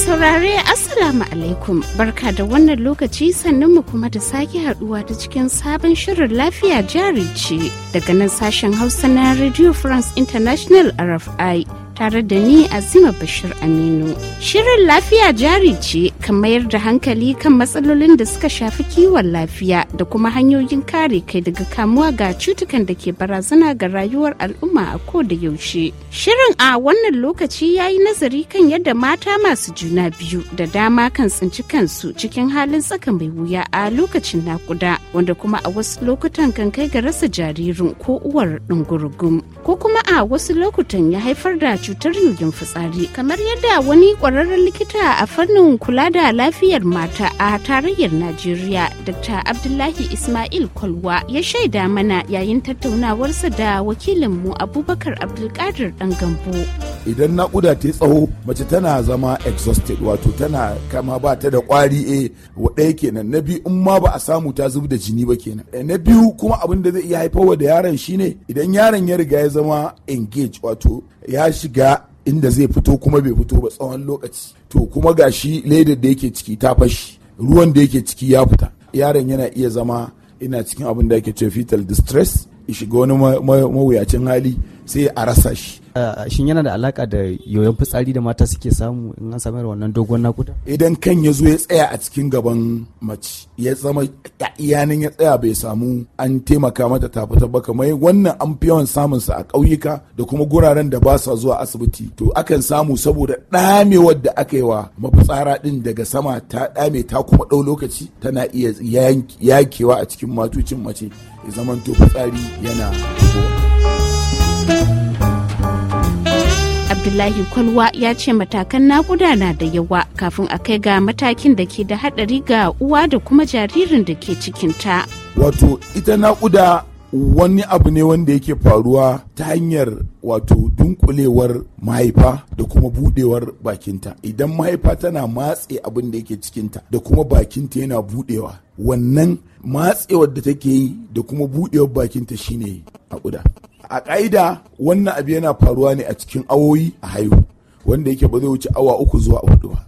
saurare Assalamu alaikum barka da wannan lokaci sannan mu kuma da sake haduwa ta cikin sabon shirin lafiya jari ce daga nan sashen Hausa na Radio France International RFI tare da ni Azima Bashir Aminu. Shirin lafiya jari ce kan mayar da hankali kan matsalolin da suka shafi kiwon lafiya da kuma hanyoyin kare kai daga kamuwa ga cutukan da ke barazana ga rayuwar al'umma a ko da yaushe. Shirin a wannan lokaci ya yi nazari kan yadda mata masu juna biyu da dama kan tsinci kansu cikin halin tsaka mai wuya a lokacin nakuda wanda kuma a wasu lokutan kan kai ga rasa jaririn ko uwar gurgu ko kuma a wasu lokutan ya haifar da cutar yugin fitsari kamar yadda wani ƙwararren likita a fannin kula da lafiyar mata a tarayyar najeriya dr abdullahi ismail kwalwa ya shaida mana yayin tattaunawarsa da wakilinmu abubakar abdulkadir ɗan gambo. idan nakuda ta tsawo mace tana zama exhausted wato tana kama ba ta da ƙwari e ɗaya kenan na biyu in ma ba a samu ta zub da jini ba kenan eh, na biyu kuma abin da zai iya haifarwa da yaron shine idan yaron ya riga ya zama engage wato ya shiga inda zai fito kuma bai fito ba tsawon lokaci to kuma ga shi ledar da yake ciki ta fashi ruwan da yake ciki ya fita yaron yana iya zama ina cikin abin da ake ce fetal distress shiga wani mawuyacin hali sai a rasa shi shin yana da alaka da yoyon fitsari da mata suke samu in an samar wannan dogon nakuda idan kan ya zo ya tsaya a cikin gaban mace ya zama iyanin ya tsaya bai samu an taimaka mata ta fita ba kamar wannan an fi yawan samun sa a ƙauyuka da kuma guraren da ba sa zuwa asibiti to akan samu saboda ɗamewar da aka yi wa mafitsara ɗin daga sama ta ɗame ta kuma ɗau lokaci tana iya yakewa a cikin matucin mace ya zamanto fitsari yana abdullahi kwalwa ya ce matakan nakuda na da yawa kafin a kai ga matakin da ke da hadari ga uwa da kuma jaririn da ke cikinta wato ita nakuda wani abu ne wanda yake faruwa ta hanyar wato dunkulewar mahaifa da kuma budewar bakinta idan mahaifa tana matse abin da yake cikinta da kuma bakinta yana budewa wannan matsewar da take yi da kuma budewar bakinta shine a ƙuda a ƙa'ida wannan abu yana faruwa ne a cikin awoyi a haihu wanda yake ba zai wuce awa uku zuwa hudu ba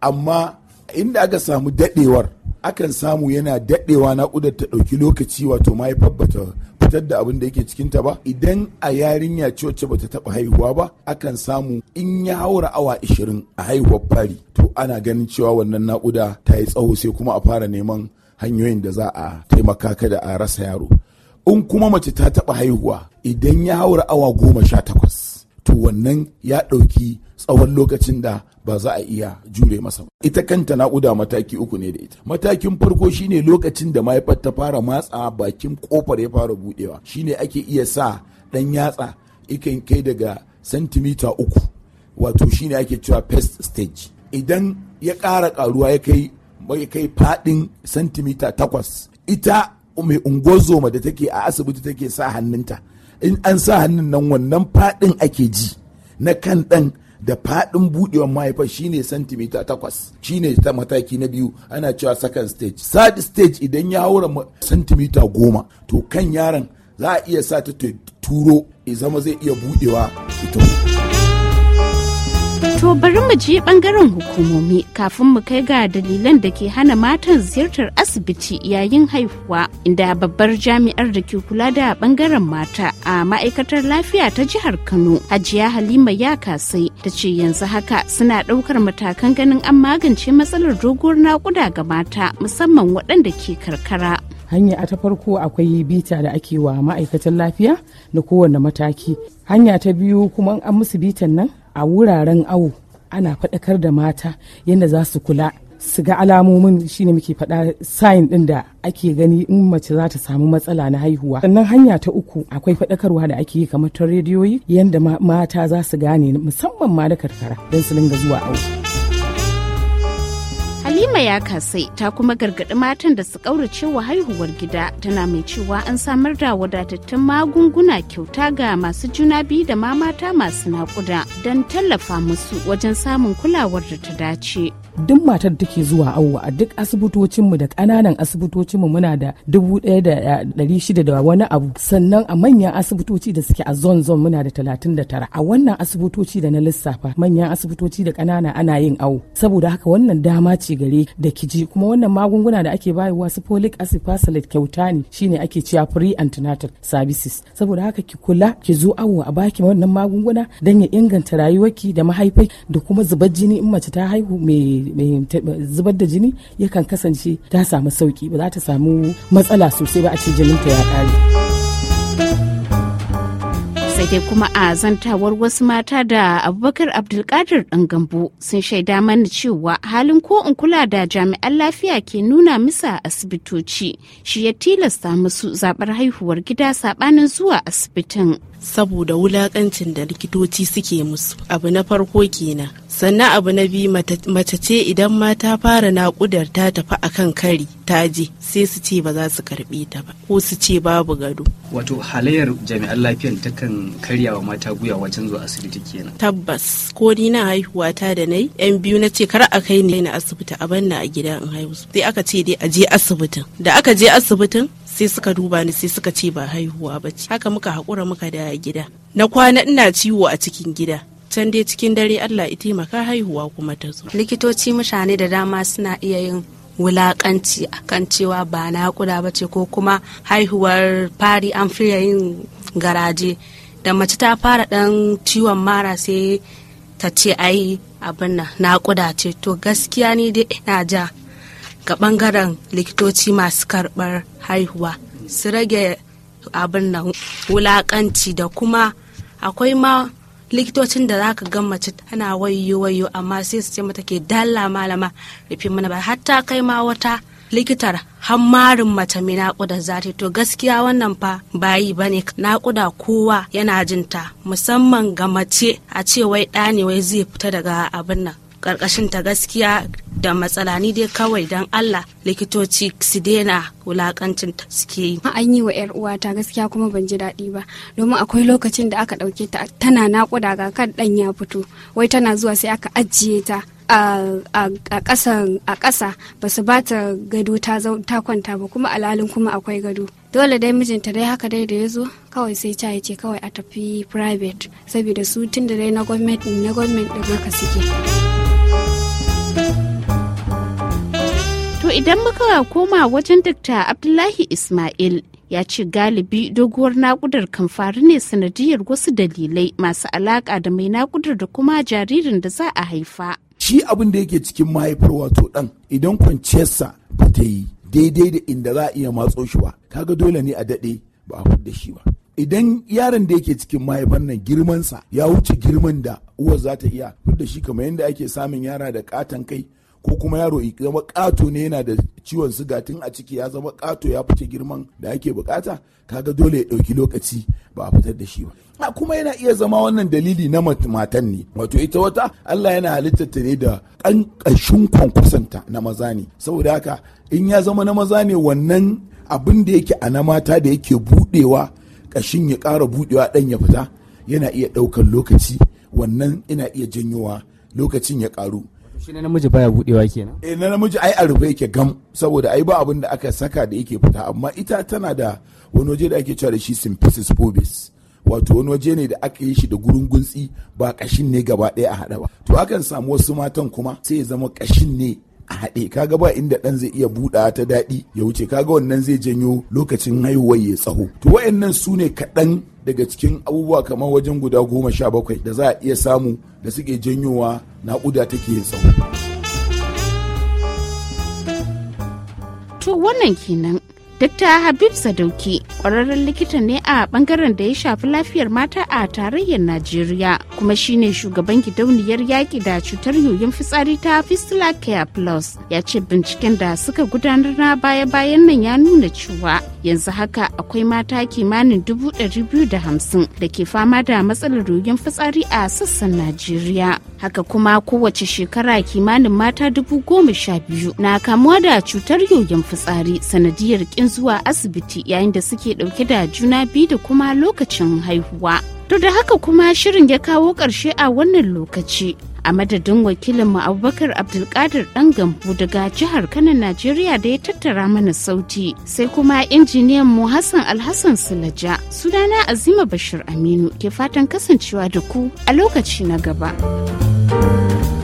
amma inda aka samu daɗewar akan samu yana daɗewa naƙudar ta ɗauki lokaci wato mahaifar bata fitar da abin da yake cikinta ba idan a yarinya ce wacce bata taɓa haihuwa ba akan samu in ya haura awa ishirin a haihuwar fari to ana ganin cewa wannan naƙuda ta yi tsawo sai kuma a fara neman hanyoyin da za a taimaka kada a rasa yaro in kuma mace ta taba haihuwa idan ya haura awa goma sha takwas to wannan ya ɗauki tsawon lokacin da ba za a iya jure masa ba ita kanta naƙuda mataki uku ne da ita matakin farko shine lokacin da mahaifar ta fara matsa bakin kofar ya fara budewa shine ake iya sa ɗan yatsa ikan kai daga santimita uku wato shine ake cewa first stage idan ya ƙara ƙaruwa ya kai faɗin santimita takwas ita mai unguwar da take a asibiti take sa hannunta in an sa hannun nan wannan faɗin ake ji na kan ɗan da faɗin budewar mahaifa shine santimita takwas shine ta mataki na biyu ana cewa second stage third stage idan ya haura santimita goma to kan yaron za a iya sa ta turo zama zai iya buɗewa ita To bari mu je bangaren hukumomi kafin mu kai ga dalilan da ke hana matan ziyartar asibiti yayin haihuwa inda babbar jami'ar da ke kula da bangaren mata a ma'aikatar lafiya ta jihar Kano Hajiya Halima ya kasai ta ce yanzu haka suna ɗaukar matakan ganin an magance matsalar doguwar nakuda ga mata musamman waɗanda ke karkara. hanya a ta farko akwai bita da ake wa ma'aikatan lafiya da kowane mataki hanya ta biyu kuma an musu bitan nan a wuraren awo ana faɗakar da mata yadda za su kula su ga alamomin shine muke faɗa sayin ɗin da ake gani in mace za ta samu matsala na haihuwa sannan hanya ta uku akwai faɗakarwa da ake yi kamar ta rediyoyi yadda mata za su gane musamman ma da karkara don su dinga zuwa awo. Halima ya kasai ta kuma gargaɗi matan da su ƙaurace wa haihuwar gida tana mai cewa an samar da wadatattun magunguna kyauta ga masu juna biyu da ma mata masu naƙuda don tallafa musu wajen samun kulawar da ta dace. Duk matar da take zuwa awo a duk asibitocinmu da ƙananan asibitocinmu muna da dubu ɗaya da ɗari shida da wani abu sannan a manyan asibitoci da suke a zon zon muna da talatin da tara a wannan asibitoci da na lissafa manyan asibitoci da ƙanana ana yin awo saboda haka wannan dama ce ga gare da kiji kuma wannan magunguna da ake bayarwa su folic acid pasalate kyauta ne shine ake cewa free antenatal services saboda haka ki kula ki zo awo a baki wannan magunguna don ya inganta rayuwarki da mahaifai da kuma zubar jini in mace ta haihu mai zubar da jini yakan kasance ta samu sauki ba za ta samu matsala sosai ba a ce jinin ta ya kare. sai dai kuma a zantawar wasu mata da abubakar abdulkadir ɗan gambo sun shaida mana cewa halin ko in kula da jami'an lafiya ke nuna misa asibitoci shi ya tilasta musu zaɓar haihuwar gida saɓanin zuwa asibitin saboda wulakancin da likitoci suke musu abu na farko kenan sannan abu na biyu mace ce idan ma ta fara naƙudar ta tafi akan kari ta je sai su ce ba za su karɓe ta ba ko su ce babu gado wato halayyar jami'an lafiyar takan karya wa mata guya wajen zuwa asibiti kenan tabbas ko ni na haihuwa ta da nai yan biyu na ce kar a kai ni na asibiti a banna a gida in haihu sai aka ce dai a je asibitin da aka je asibitin sai suka duba ni sai suka ce ba haihuwa ba ce haka muka haƙura muka da gida na kwana ina ciwo a cikin gida can dai cikin dare Allah ya taimaka haihuwa kuma ta zo likitoci mutane da dama suna iya yin wulakanci akan cewa ba naƙuda ba ce ko kuma haihuwar fari an fiye yin garaje da mace ta fara ɗan ciwon mara sai ta ce ai abin nan naƙuda ce to gaskiya ni dai ina ja ga bangaren likitoci masu karɓar haihuwa su rage abin nan wulakanci da kuma akwai ma likitocin da za ka gan mace tana wayo wayo amma sai su ce mata ke dalla malama rufe mana ba hatta kai ma wata likitar hammarin mace mai naƙuda za ta to gaskiya wannan fa bayi ba ne naƙuda kowa yana jinta musamman ga mace a ce wai ɗa ne wai zai fita daga abin nan ƙarƙashin ta gaskiya da matsala ni dai kawai don Allah likitoci su daina wulakancin ta suke yi. An yi wa 'yar ta gaskiya kuma ban ji daɗi ba domin akwai lokacin da aka ɗauke ta tana naƙuda ga kan ɗan ya fito wai tana zuwa sai aka ajiye ta a ƙasa ba su ba ta gado ta kwanta ba kuma alalin kuma akwai gado dole dai mijinta dai haka dai da ya zo kawai sai ca ce kawai a tafi private saboda su tun da dai na gwamnati na gwamnati ɗin suke. To idan muka koma wajen Dr. Abdullahi Ismail ya ce galibi doguwar nakudar kan faru ne sanadiyar wasu dalilai masu alaka da mai nakudar da kuma jaririn da za a haifa. Shi abin da yake cikin mahaifar wato ɗan idan kwanciyarsa ba ta yi daidai da inda za a iya matso shi ba, kaga dole ne a daɗe ba a fudda shi ba. Idan yaron da yake cikin mahaifar nan girmansa ya wuce girman da uwar za ta iya fudda shi kamar yadda ake samun yara da katon kai ko kuma yaro ya zama ƙato ne yana da ciwon suga. tun a ciki ya zama ƙato ya fice girman da ake bukata kaga dole ya ɗauki lokaci ba a fitar da shi ba a kuma yana iya zama wannan dalili na matan ne wato ita wata Allah yana halittata ne da ƙanƙashin kwankwasanta na maza ne saboda haka in ya zama na maza ne wannan abin da yake a na mata da yake buɗewa ƙashin ya ƙara buɗewa ɗan ya fita yana iya ɗaukar lokaci wannan ina iya janyowa lokacin ya ƙaru shi na namiji baya budewa kenan eh na namiji ai a rufe yake gam saboda ai ba abin da aka saka da yake fita amma ita tana da wani waje da ake cewa da shi symphysis pubis wato wani waje ne da aka yi shi da gurin guntsi ba kashin ne gaba ɗaya a haɗa ba to akan samu wasu matan kuma sai ya zama kashin ne a haɗe kaga ba inda ɗan zai iya buɗa ta daɗi ya wuce kaga wannan zai janyo lokacin haihuwar ya tsaho to wayannan su ne kaɗan daga cikin abubuwa kamar wajen guda goma sha bakwai da za a iya samu da suke janyowa naƙuda take yin tsawo. To wannan kenan Dr. Habib Sadauki ƙwararren likita ne a ɓangaren da ya shafi lafiyar mata a tarayyar Najeriya kuma shine shugaban gidauniyar yaƙi da cutar yoyin fitsari ta Fistula Care Plus ya ce binciken da suka gudanar na baya-bayan nan ya nuna cewa yanzu haka akwai mata kimanin dubu ɗari biyu da hamsin da ke fama da matsalar yoyin fitsari a sassan Najeriya. haka kuma kowace shekara kimanin mata dubu goma sha biyu na kamuwa da cutar yoyin fitsari sanadiyar kin zuwa asibiti yayin da suke dauke da juna biyu da kuma lokacin haihuwa to da haka kuma shirin ya kawo ƙarshe a wannan lokaci a madadin wakilinmu abubakar abdulkadir dan gambo daga jihar kano najeriya da ya tattara mana sauti sai kuma injiniyan mu hassan alhassan sulaja sunana azima bashir aminu ke fatan kasancewa da ku a lokaci na gaba. Thank you.